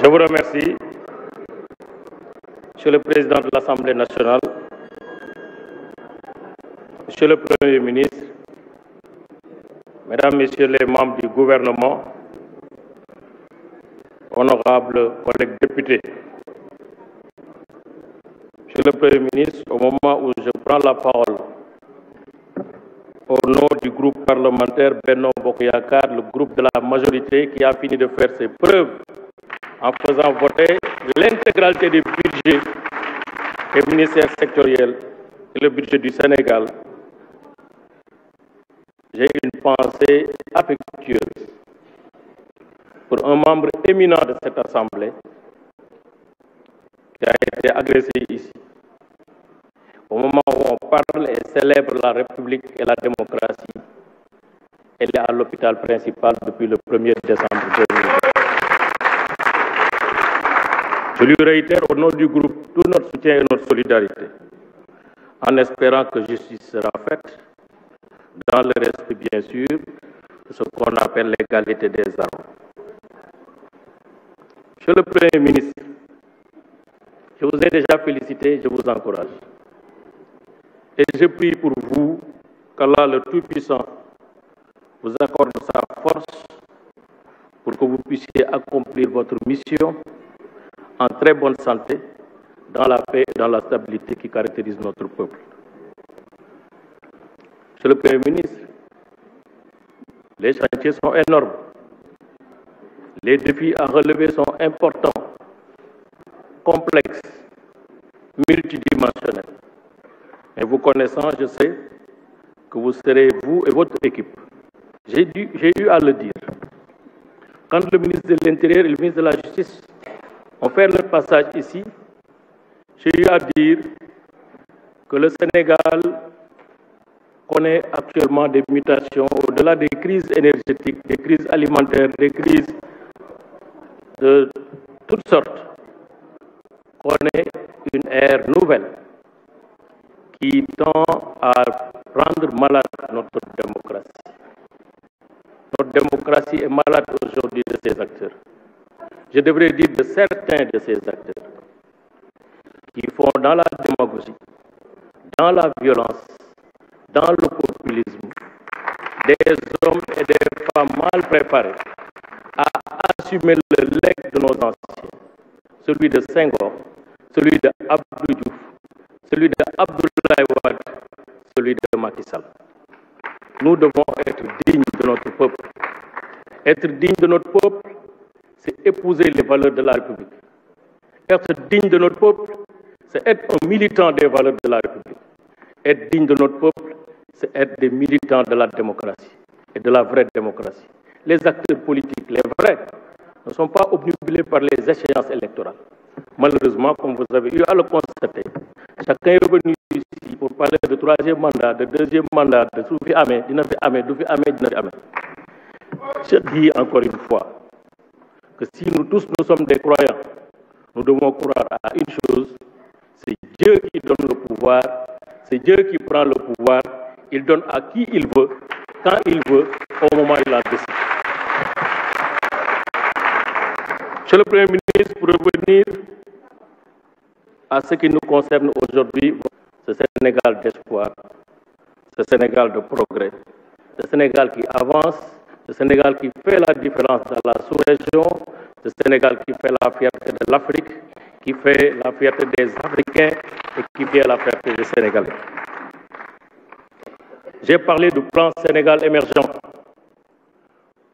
Je vous remercie, Monsieur le Président de l'Assemblée nationale, Monsieur le Premier ministre, Mesdames, Messieurs les membres du gouvernement, honorables collègues députés. Monsieur le Premier ministre, au moment où je prends la parole au nom du groupe parlementaire Benno Bokk Yakaar, le groupe de la majorité qui a fini de faire ses preuves en faisant voter l'intégralité des budgets et ministères sectoriels et le budget du Sénégal, j'ai une pensée affectueuse pour un membre éminent de cette Assemblée qui a été agressé ici. Au moment où on parle et célèbre la République et la démocratie, elle est à l'hôpital principal depuis le 1er décembre 2020. je réitère au nom du groupe tout notre soutien et notre solidarité, en espérant que justice sera faite, dans le respect bien sûr ce qu'on appelle l'égalité des armes. Monsieur le Premier ministre, je vous ai déjà félicité, je vous encourage. Et je prie pour vous qu'Allah le Tout-Puissant vous accorde sa force pour que vous puissiez accomplir votre mission en très bonne santé, dans la paix et dans la stabilité qui caractérise notre peuple. Monsieur le Premier ministre, les chantiers sont énormes. Les défis à relever sont importants, complexes, multidimensionnels. Et vous connaissant, je sais que vous serez, vous et votre équipe. J'ai eu à le dire. Quand le ministre de l'Intérieur et le ministre de la Justice ont fait leur passage ici, j'ai eu à dire que le Sénégal connaît actuellement des mutations au-delà des crises énergétiques, des crises alimentaires, des crises de toutes sortes. Connaît une ère nouvelle qui tend à rendre malade notre démocratie. est malade aujourd'hui de ses acteurs. je devrais dire de certains de ces acteurs, qui font dans la démagogie, dans la violence, dans le populisme, des hommes et des femmes mal préparés à assumer le legs de nos anciens, celui de Senghor, celui de celui de Abdoulaye celui de Macky Nous devons être dignes de notre peuple. Être dignes de notre peuple, c'est de la République. Être digne de notre peuple, c'est être un militant des valeurs de la République. Être digne de notre peuple, c'est être des militants de la démocratie et de la vraie démocratie. Les acteurs politiques, les vrais, ne sont pas obnubilés par les échéances électorales. Malheureusement, comme vous avez eu à le constater, chacun est revenu ici pour parler de troisième mandat, de deuxième mandat, de su fi amee dina fi amee du fi amee dina fi amee. Je dis que si tous nous sommes des croyants, nous devons croire à une chose, c'est Dieu qui donne le pouvoir, c'est Dieu qui prend le pouvoir, il donne à qui il veut, quand il veut, au moment il en décide. Monsieur le Premier ministre, pour revenir à ce qui nous concerne aujourd'hui, ce Sénégal d'espoir, ce Sénégal de progrès, ce Sénégal qui avance, le Sénégal qui fait la différence dans la sous-région, le Sénégal qui fait la fierté de l'Afrique, qui fait la fierté des Africains et qui fait la fierté des Sénégalais. J'ai parlé du plan Sénégal émergent.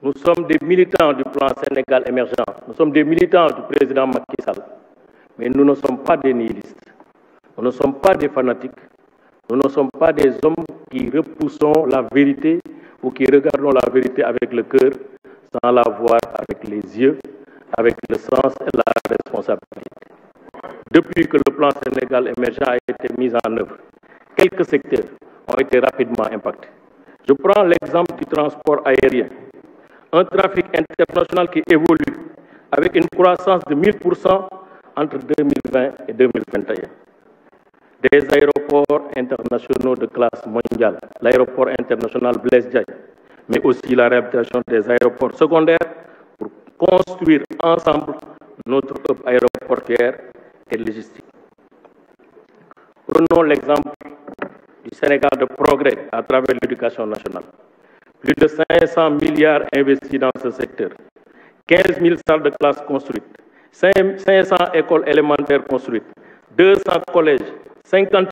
Nous sommes des militants du plan Sénégal émergent. Nous sommes des militants du président Macky Mais nous ne sommes pas des nihilistes. Nous ne sommes pas des fanatiques. Nous ne sommes pas des hommes qui repoussons la vérité Vous qui regardons la vérité avec le cœur, sans la avec les yeux, avec le sens et la responsabilité. Depuis que le plan Sénégal émergent a été mis en œuvre, quelques secteurs ont été rapidement impactés. Je prends l'exemple du transport aérien, un trafic international qui évolue avec une croissance de entre et des aéroports internationaux de classe mondiale, l'aéroport international Blaise Diagne, mais aussi la réhabilitation des aéroports secondaires pour construire ensemble notre hub aéroportuaire et logistique. Prenons l'exemple du Sénégal de progrès à travers l'éducation nationale. Plus de milliards investis dans ce secteur, 15 de classe construites, 500 écoles élémentaires construites, collèges, 50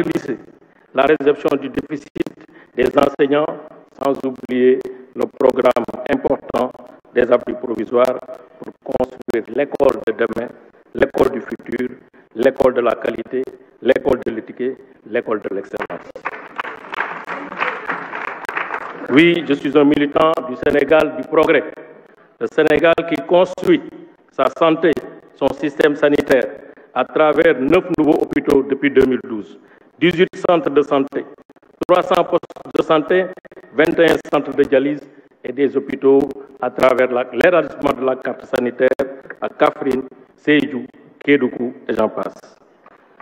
la réception du déficit des enseignants, sans oublier le programme important des abris provisoires pour construire l'école de demain, l'école du futur, l'école de la qualité, l'école de l'éthique, l'école de l'excellence. Oui, je suis un militant du Sénégal du progrès. Le Sénégal qui construit sa santé, son système sanitaire, à travers neuf nouveaux hôpitaux depuis 2012, 18 centres de santé, 300 postes de santé, 21 centres de dialyse et des hôpitaux à travers l'élargissement de la carte sanitaire à Kafrine, Seyou, Kédougou et j'en passe.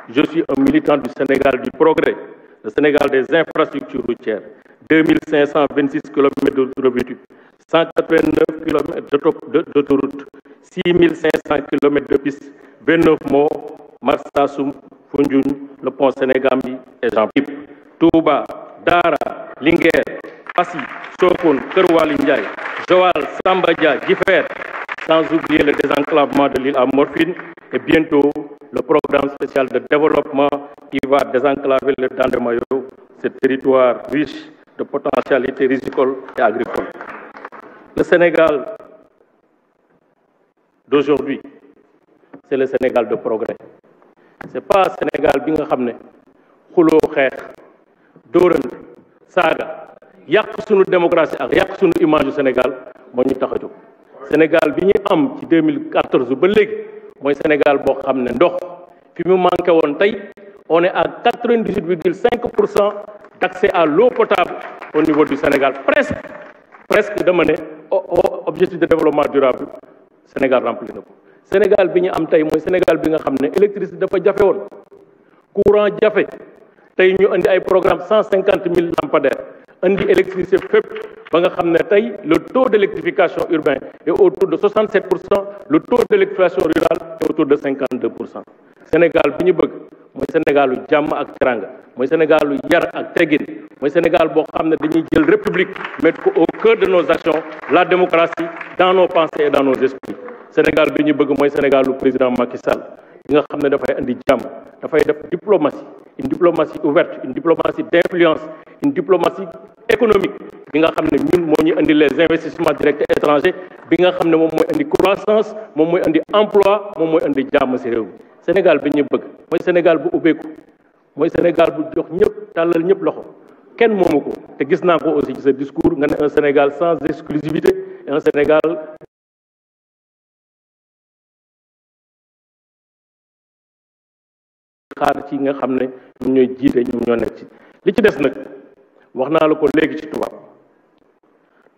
Je suis un militant du Sénégal du progrès, le Sénégal des infrastructures routières, 2526 km de route 189 km d'autoroute, 6500 de pistes 29 Mo, Marsassoum, Foundiougne, le pont Sénégambi et jean pipe Touba, Dara, Linguère, Fassi, Sokone, Kerwal Joal, Sambadia, Differ, sans oublier le désenclavement de l'île à et bientôt le programme spécial de développement qui va désenclaver le Dent ce territoire riche de potentialités rizicoles et agricoles. Le Sénégal d'aujourd'hui c'est le Sénégal de progrès c'est pas Sénégal bi nga xam ne xuloo xeex dóorante saaga yàq sunu démocratie ak yàq sunu image yu Sénégal moo ñu tax a jóg Sénégal bi ñu am ci 2014 ba léegi mooy Sénégal boo xam ne ndox fi mu manqué woon tey on est à 98 virgule 5 pour cent d'accès à l'eau potable au niveau du Sénégal presque presque dama ne oh, oh, objectif de développement durable Sénégal rempli na ko Sénégal bi ñu am tey mooy Sénégal bi nga xam ne électricité dafa jafe woon courant jafe tey ñu indi ay programme cent cinquante mille lampadaires indi électricité fépp ba nga xam ne tey le taux d' électrification urbain est autour de 67 pour cent le taux d' électrification rurale est autour de 52 pour cent Sénégal bi ñu bëgg mooy Sénégalu jàmm ak teranga mooy Sénégalu yar ak teggin mooy Sénégal boo xam ne dañuy jël république mettre ko au cœur de nos actions la démocratie dans nos pensées et dans Sénégal bi ñu bëgg mooy Sénégalu président Macky Sall bi nga xam ne dafay andi jàmm dafay def diplomatie une diplomatie ouverte une diplomatie d'influence une diplomatie économique bi nga xam ne ñun moo ñu andi les investissements directs étrangers bi nga xam ne moom mooy andi croissance moom mooy andi emploi moom mooy andi jàmm ci réew mi Sénégal bi ñu bëgg mooy Sénégal bu ubbeeku mooy Sénégal bu jox ñëpp tàllal ñëpp loxo kenn moomu ko te gis naa ko aussi ci sa discours nga ne un Sénégal sans exclusivité et un xaar ci nga xam ne ñoom ñooy jiite ñoom ñoo nekk ci li ci des nag wax naa la ko léegi ci tubaab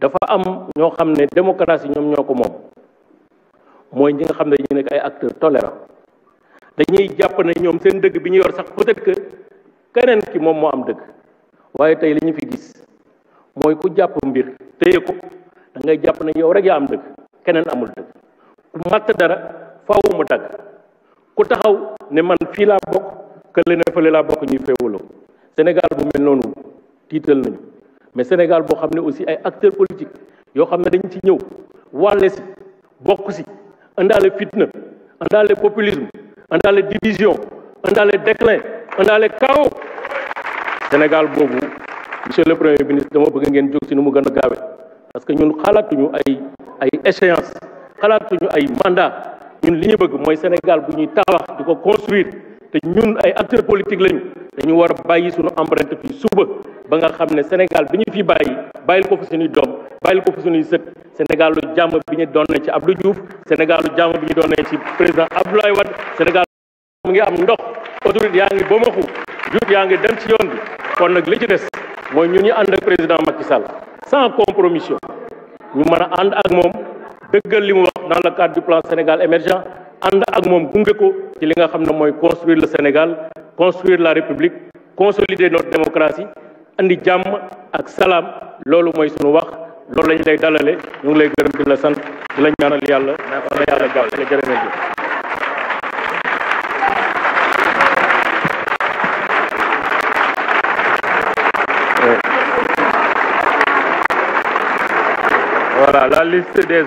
dafa am ñoo xam ne démocratie ñoom ñoo ko moom mooy ñi nga xam ne dañu nekk ay acteurs tolérants dañuy jàpp ne ñoom seen dëgg bi ñu yor sax peut-être que keneen ki moom moo am dëgg waaye tey li ñu fi gis mooy ku jàpp mbir téye ko da ngay jàpp ne yow rek yaa am dëgg keneen amul dëgg ku màtt dara faaw mu dagg ku taxaw ne man fii laa bokk kële ne fële laa bokk ñuy féewaloo Sénégal bu mel noonu tiital nañu mais Sénégal boo xam ne aussi ay acteurs politiques yoo xam ne dañ ci ñëw wàlle si bokk si indaale fitna indaale populisme indaale division indaale déclin indaale chaos Sénégal boobu monsieur le premier ministre dama bëgg ngeen jóg si nu mu gën a gaawe parce que ñun xalaatuñu ay ay échéance xalaatuñu ay mandat ñun li ñu bëgg mooy Sénégal bu ñuy tabax di ko construire te ñun ay acteurs politiques lañu dañu war a bàyyi suñu empreinte fii suba ba nga xam ne Sénégal bi ñu fi bàyyi bàyyil ko fi suñuy doom bàyyil ko fi suñuy sët Sénégal lu jàmm bi ñu doon nañ ci Abdou Diouf Sénégal lu jàmm bi ñu doon ci président Abdoulaye Wade Sénégal mu ngi am ndox autorité yaa ngi bomaxu jut yaa ngi dem ci yoon bi kon nag li ci des mooy ñun ñu ànd ak président Macky Sall sans compromission ñu a ànd ak moom dëggal li mu wax dans le cadre du plan Sénégal émergent ànd ak moom gunge ko ci li nga xam ne mooy construire le Sénégal construire la République consolider notre démocratie andi jàmm ak salaam loolu mooy sunu wax loolu lañ lay dalale ñu ngi lay gërëm di la sant di la ñaanal yàlla la yàlla jàppale jërë ngeen la liste des